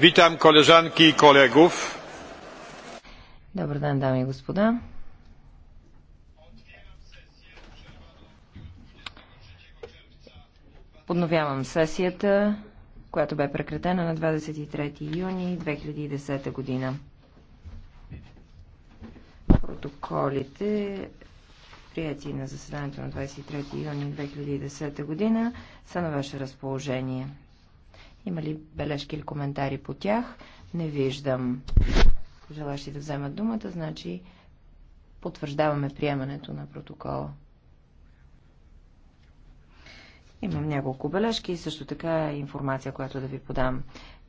Witam koleżanki i kolegów. Dobry dzień, damy i gospoda. Подновявам сесията, която бе прекратена на 23 юни 2010 година. Протоколите, прияти на заседанието на 23 юни 2010 година, са на ваше разположение. Има ли бележки или коментари по тях? Не виждам желащи да вземат думата, значи потвърждаваме приемането на протокола. Имам няколко бележки и също така информация, която да ви подам.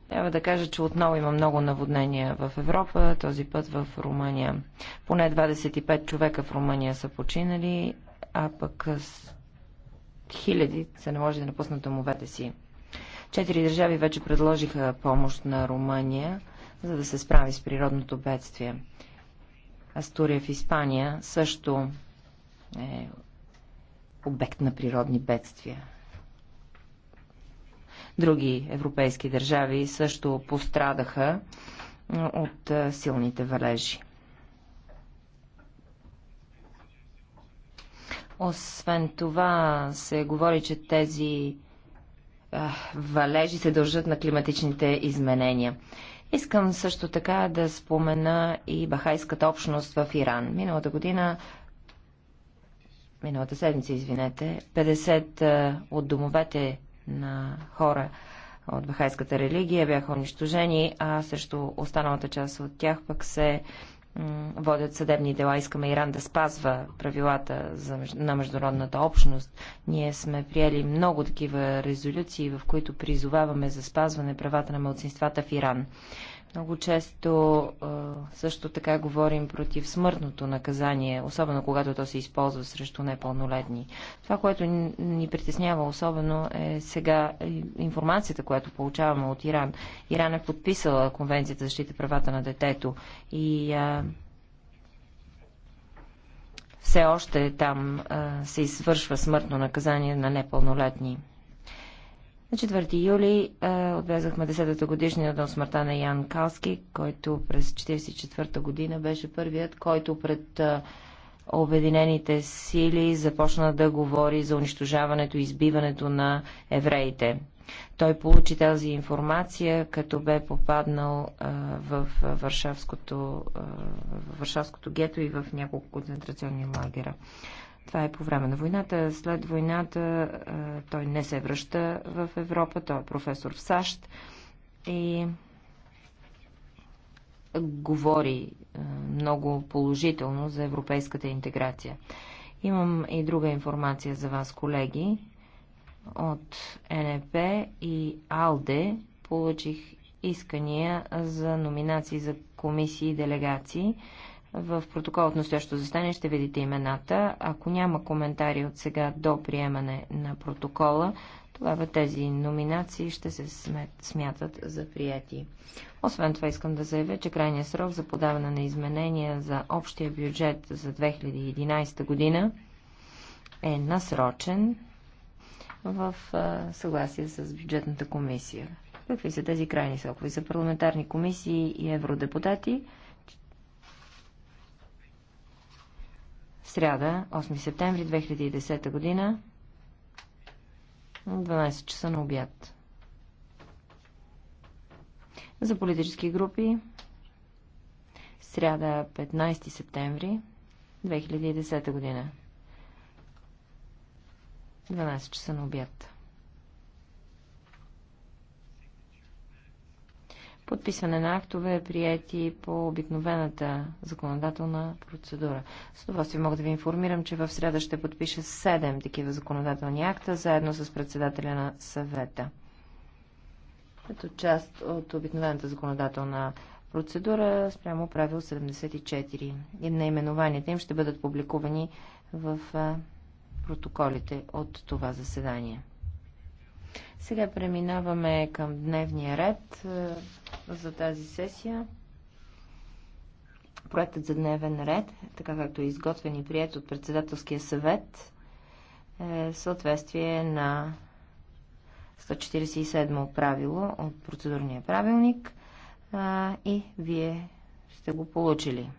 Трябва да кажа, че отново има много наводнения в Европа, този път в Румъния. Поне 25 човека в Румъния са починали, а пък хиляди се не може да напуснат домовете си. Четири държави вече предложиха помощ на Румъния, за да се справи с природното бедствие. Астурия в Испания също е обект на природни бедствия. Други европейски държави също пострадаха от силните валежи. Освен това се говори, че тези валежи се дължат на климатичните изменения. Искам също така да спомена и бахайската общност в Иран. Миналата година, миналата седмица, извинете, 50 от домовете на хора от бахайската религия бяха унищожени, а също останалата част от тях пък се водят съдебни дела. Искаме Иран да спазва правилата за, на международната общност. Ние сме приели много такива резолюции, в които призоваваме за спазване правата на младсинствата в Иран. Много често също така говорим против смъртното наказание, особено когато то се използва срещу непълнолетни. Това, което ни притеснява особено е сега информацията, която получаваме от Иран. Иран е подписала Конвенцията за защита правата на детето и а, все още там а, се извършва смъртно наказание на непълнолетни. На 4 юли е, отбязахме 10-та годишния от смъртта на Ян Калски, който през 1944 година беше първият, който пред е, Обединените сили започна да говори за унищожаването и избиването на евреите. Той получи тази информация, като бе попаднал а, е, в, Варшавското, а, е, в Варшавското гето и в няколко концентрационни лагера. Това е по време на войната. След войната той не се връща в Европа. Той е професор в САЩ и говори много положително за европейската интеграция. Имам и друга информация за вас, колеги. От НП и АЛДЕ получих искания за номинации за комисии и делегации. В протокол от настоящото застане ще видите имената. Ако няма коментари от сега до приемане на протокола, тогава тези номинации ще се смятат за прияти. Освен това искам да заявя, че крайният срок за подаване на изменения за общия бюджет за 2011 година е насрочен в съгласие с бюджетната комисия. Какви са тези крайни срокове за парламентарни комисии и евродепутати? сряда, 8 септември 2010 година, 12 часа на обяд. За политически групи сряда 15 септември 2010 година. 12 часа на обяд. подписване на актове, е прияти по обикновената законодателна процедура. С удоволствие мога да ви информирам, че в среда ще подпиша 7 такива законодателни акта, заедно с председателя на съвета. Като част от обикновената законодателна процедура спрямо правил 74. И наименованията им ще бъдат публикувани в протоколите от това заседание. Сега преминаваме към дневния ред за тази сесия. Проектът за дневен ред, така както е изготвен и прият от председателския съвет, е в съответствие на 147 правило от процедурния правилник а, и вие сте го получили.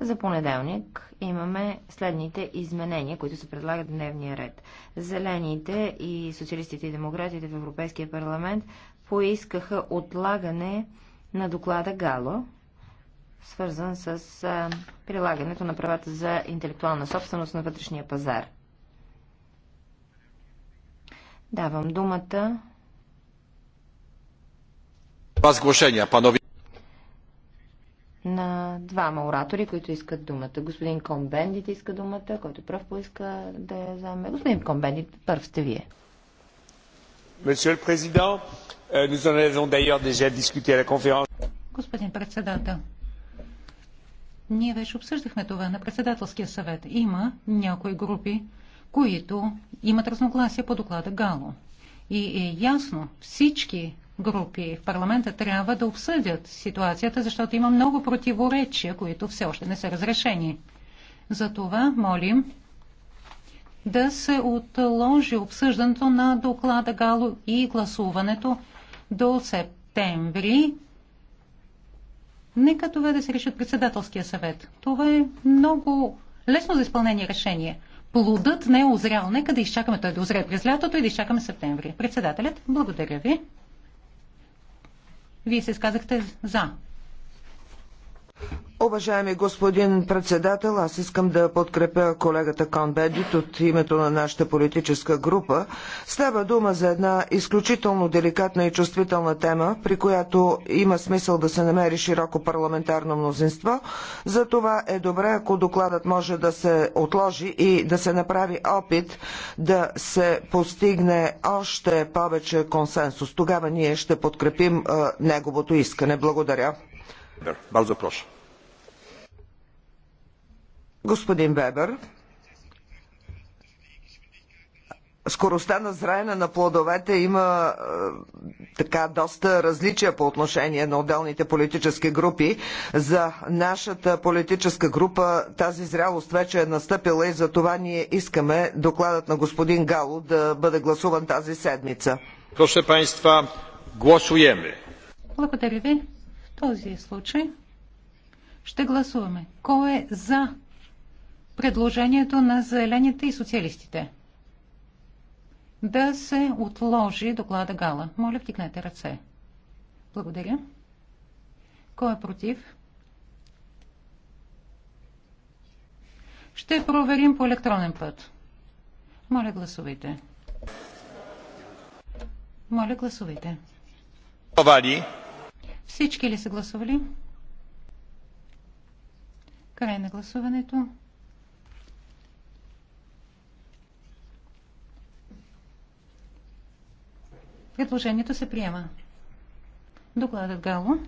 За понеделник имаме следните изменения, които се предлагат в дневния ред. Зелените и социалистите и демократите в Европейския парламент поискаха отлагане на доклада Гало, свързан с прилагането на правата за интелектуална собственост на вътрешния пазар. Давам думата. Два панови. На двама оратори, които искат думата. Господин Комбендит иска думата, който пръв поиска да я вземе. Господин Комбендит, първ сте вие. Monsieur le Président, euh, nous en avons d'ailleurs déjà discuté à la conférence. Господин председател, ние вече обсъждахме това на председателския съвет. Има някои групи, които имат разногласия по доклада Гало. И е ясно, всички групи в парламента трябва да обсъдят ситуацията, защото има много противоречия, които все още не са разрешени. Затова молим да се отложи обсъждането на доклада Гало и гласуването до септември. Нека това да се реши от председателския съвет. Това е много лесно за изпълнение решение. Плодът не е озрял. Нека да изчакаме той да озре през лятото и да изчакаме септември. Председателят, благодаря ви. Вие се изказахте за Уважаеми господин председател, аз искам да подкрепя колегата Кон Бедит от името на нашата политическа група. Става дума за една изключително деликатна и чувствителна тема, при която има смисъл да се намери широко парламентарно мнозинство. За това е добре, ако докладът може да се отложи и да се направи опит да се постигне още повече консенсус. Тогава ние ще подкрепим неговото искане. Благодаря. Bardzo Господин Вебер, скоростта на зраене на плодовете има е, така доста различия по отношение на отделните политически групи. За нашата политическа група тази зрялост вече е настъпила и за това ние искаме докладът на господин Гало да бъде гласуван тази седмица. Проше панства, гласуеме. Благодаря ви. В този случай ще гласуваме. Кой е за предложението на зелените и социалистите. Да се отложи доклада Гала. Моля, втикнете ръце. Благодаря. Кой е против? Ще проверим по електронен път. Моля, гласувайте. Моля, гласувайте. Всички ли са гласували? Край на гласуването. Предложението се приема. Докладът Гало.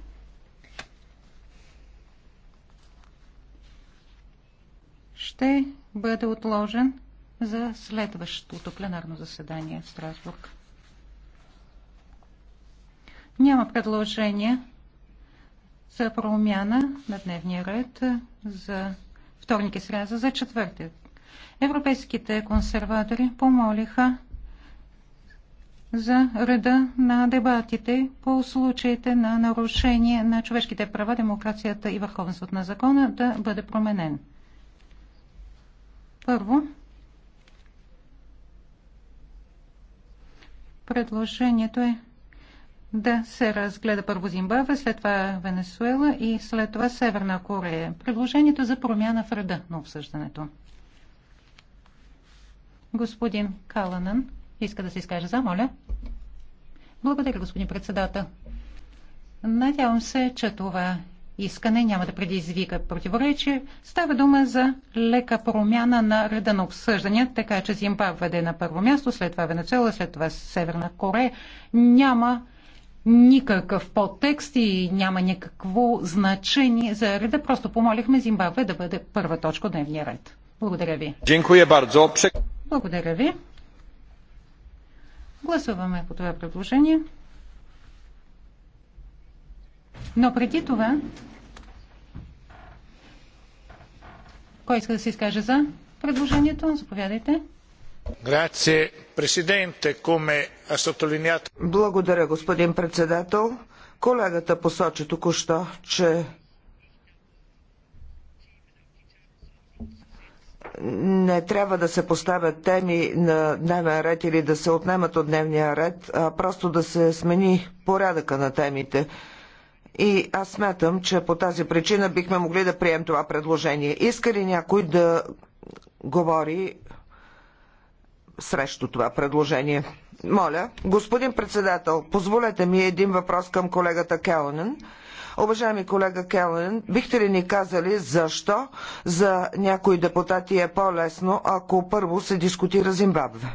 Ще бъде отложен за следващото пленарно заседание в Страсбург. Няма предложение за промяна на дневния ред за вторник и сряза за четвъртък. Европейските консерватори помолиха за реда на дебатите по случаите на нарушение на човешките права, демокрацията и върховенството на закона да бъде променен. Първо, предложението е да се разгледа първо Зимбабве, след това Венесуела и след това Северна Корея. Предложението за промяна в реда на обсъждането. Господин Каланан иска да се изкаже за, моля. Благодаря, господин председател. Надявам се, че това искане няма да предизвика противоречие. Става дума за лека промяна на реда на обсъждания, така че Зимбабве да е на първо място, след това Венецуела, след това Северна Корея. Няма никакъв подтекст и няма никакво значение за реда. Просто помолихме Зимбабве да бъде първа точка от дневния ред. Благодаря ви. Благодаря ви. Гласуваме по това предложение. Но преди това, кой иска да се изкаже за предложението? Заповядайте. Благодаря, господин председател. Колегата посочи току-що, че не трябва да се поставят теми на дневен ред или да се отнемат от дневния ред, а просто да се смени порядъка на темите. И аз смятам, че по тази причина бихме могли да прием това предложение. Иска ли някой да говори срещу това предложение? Моля, господин председател, позволете ми един въпрос към колегата Келнен. Уважаеми колега Келен, бихте ли ни казали защо за някои депутати е по-лесно, ако първо се дискутира Зимбабве?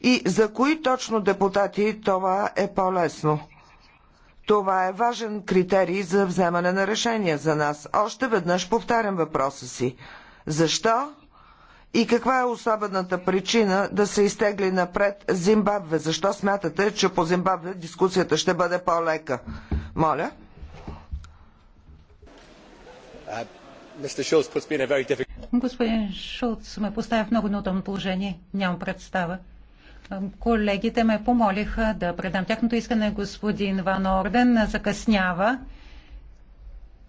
И за кои точно депутати това е по-лесно? Това е важен критерий за вземане на решения за нас. Още веднъж повтарям въпроса си. Защо и каква е особената причина да се изтегли напред Зимбабве? Защо смятате, че по Зимбабве дискусията ще бъде по-лека? Моля. Господин Шулц ме поставя в много неудобно положение. Нямам представа. Колегите ме помолиха да предам тяхното искане. Господин Ван Орден закъснява.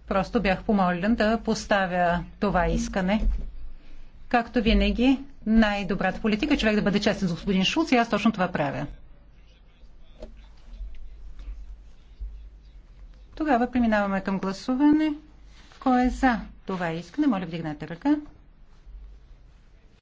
Просто бях помолен да поставя това искане. Както винаги, най-добрата политика е човек да бъде честен с господин Шулц и аз точно това правя. Тогава преминаваме към гласуване. Кой е за това искане? Моля, вдигнете ръка.